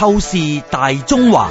透視大中華，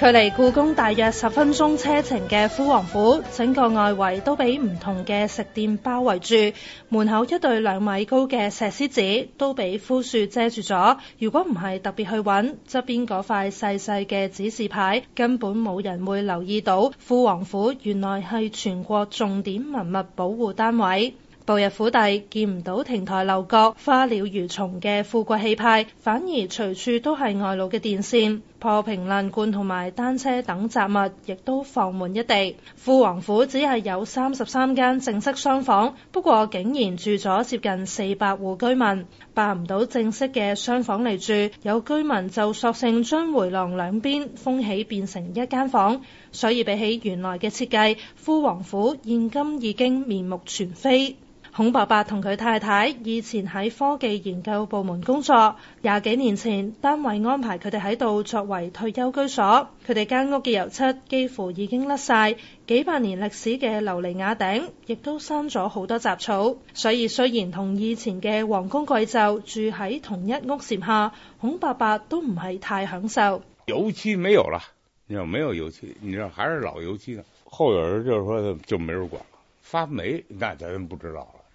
距離故宮大約十分鐘車程嘅孚王府，整個外圍都俾唔同嘅食店包圍住。門口一對兩米高嘅石獅子都俾枯樹遮住咗。如果唔係特別去揾，側邊嗰塊細細嘅指示牌，根本冇人會留意到孚王府原來係全國重點文物保護單位。步入府邸，見唔到亭台樓閣、花鳥魚蟲嘅富貴氣派，反而隨處都係外露嘅電線、破瓶爛罐同埋單車等雜物，亦都放滿一地。富王府只係有三十三間正式廂房，不過竟然住咗接近四百戶居民，辦唔到正式嘅廂房嚟住，有居民就索性將回廊兩邊封起，變成一間房。所以比起原來嘅設計，富王府現今已經面目全非。孔伯伯同佢太太以前喺科技研究部門工作，廿幾年前單位安排佢哋喺度作為退休居所。佢哋間屋嘅油漆幾乎已經甩晒，幾百年歷史嘅琉璃瓦頂亦都生咗好多雜草。所以雖然同以前嘅皇宮貴胄住喺同一屋檐下，孔伯伯都唔係太享受。油漆沒有啦，又沒有油漆，你仲還是老油漆呢？後有人就係說就沒人管發霉，那咱們不知道了。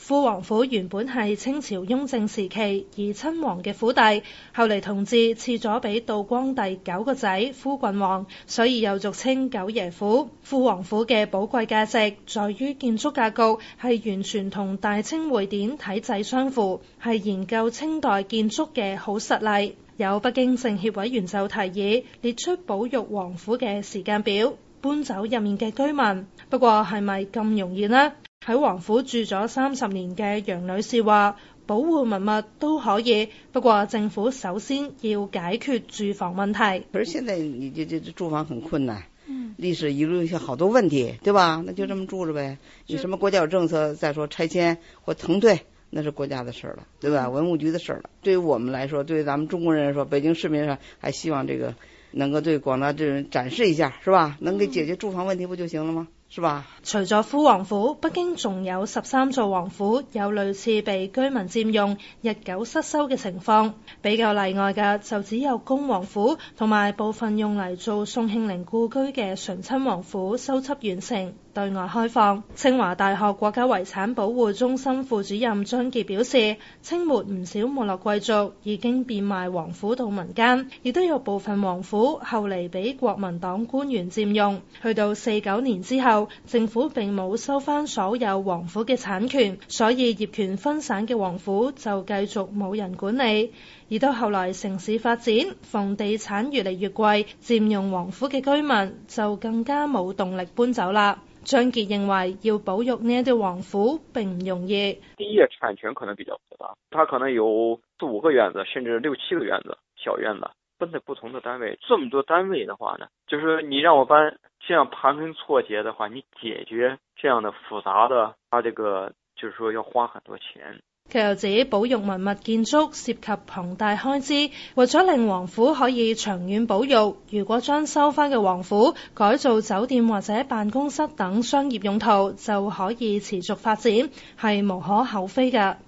孚王府原本係清朝雍正時期怡親王嘅府邸，後嚟同治賜咗俾道光第九個仔孚郡王，所以又俗稱九爺府。孚王府嘅寶貴價值在於建築格局係完全同大清會典體制相符，係研究清代建築嘅好實例。有北京政協委員就提議列出保育王府嘅時間表，搬走入面嘅居民。不過係咪咁容易呢？喺王府住咗三十年嘅楊女士話：保護文物都可以，不過政府首先要解決住房問題。而現在，你這這住房很困難，嗯、歷史遺留下好多問題，對吧？那就這麼住着唄。你什麼國家有政策，再說拆遷或騰退，那是國家的事了，對吧？文物局的事了。對於我們來說，對於咱們中國人來說，北京市民來說還希望這個能夠對廣大這人展示一下，是吧？能給解決住房問題不就行了嗎？是吧，除咗孚王府，北京仲有十三座王府有類似被居民佔用、日久失修嘅情況。比較例外嘅就只有恭王府同埋部分用嚟做宋慶齡故居嘅醇親王府修葺完成。對外開放。清華大學國家遺產保護中心副主任張傑表示，清末唔少沒落貴族已經變賣王府到民間，亦都有部分王府後嚟俾國民黨官員佔用。去到四九年之後，政府並冇收返所有王府嘅產權，所以業權分散嘅王府就繼續冇人管理。而到後來城市發展，房地產越嚟越貴，佔用王府嘅居民就更加冇動力搬走啦。張傑認為要保育呢一啲王府並唔容易。第一，產權可能比較複雜，它可能有四五個院子，甚至六七個院子，小院子分在不同的單位。這麼多單位的話呢，就是你讓我搬，這樣盤根錯節的話，你解決這樣的複雜的，他這個就是說要花很多錢。佢又指保育文物建築涉及龐大開支，為咗令王府可以長遠保育，如果將收翻嘅王府改造酒店或者辦公室等商業用途，就可以持續發展，係無可厚非噶。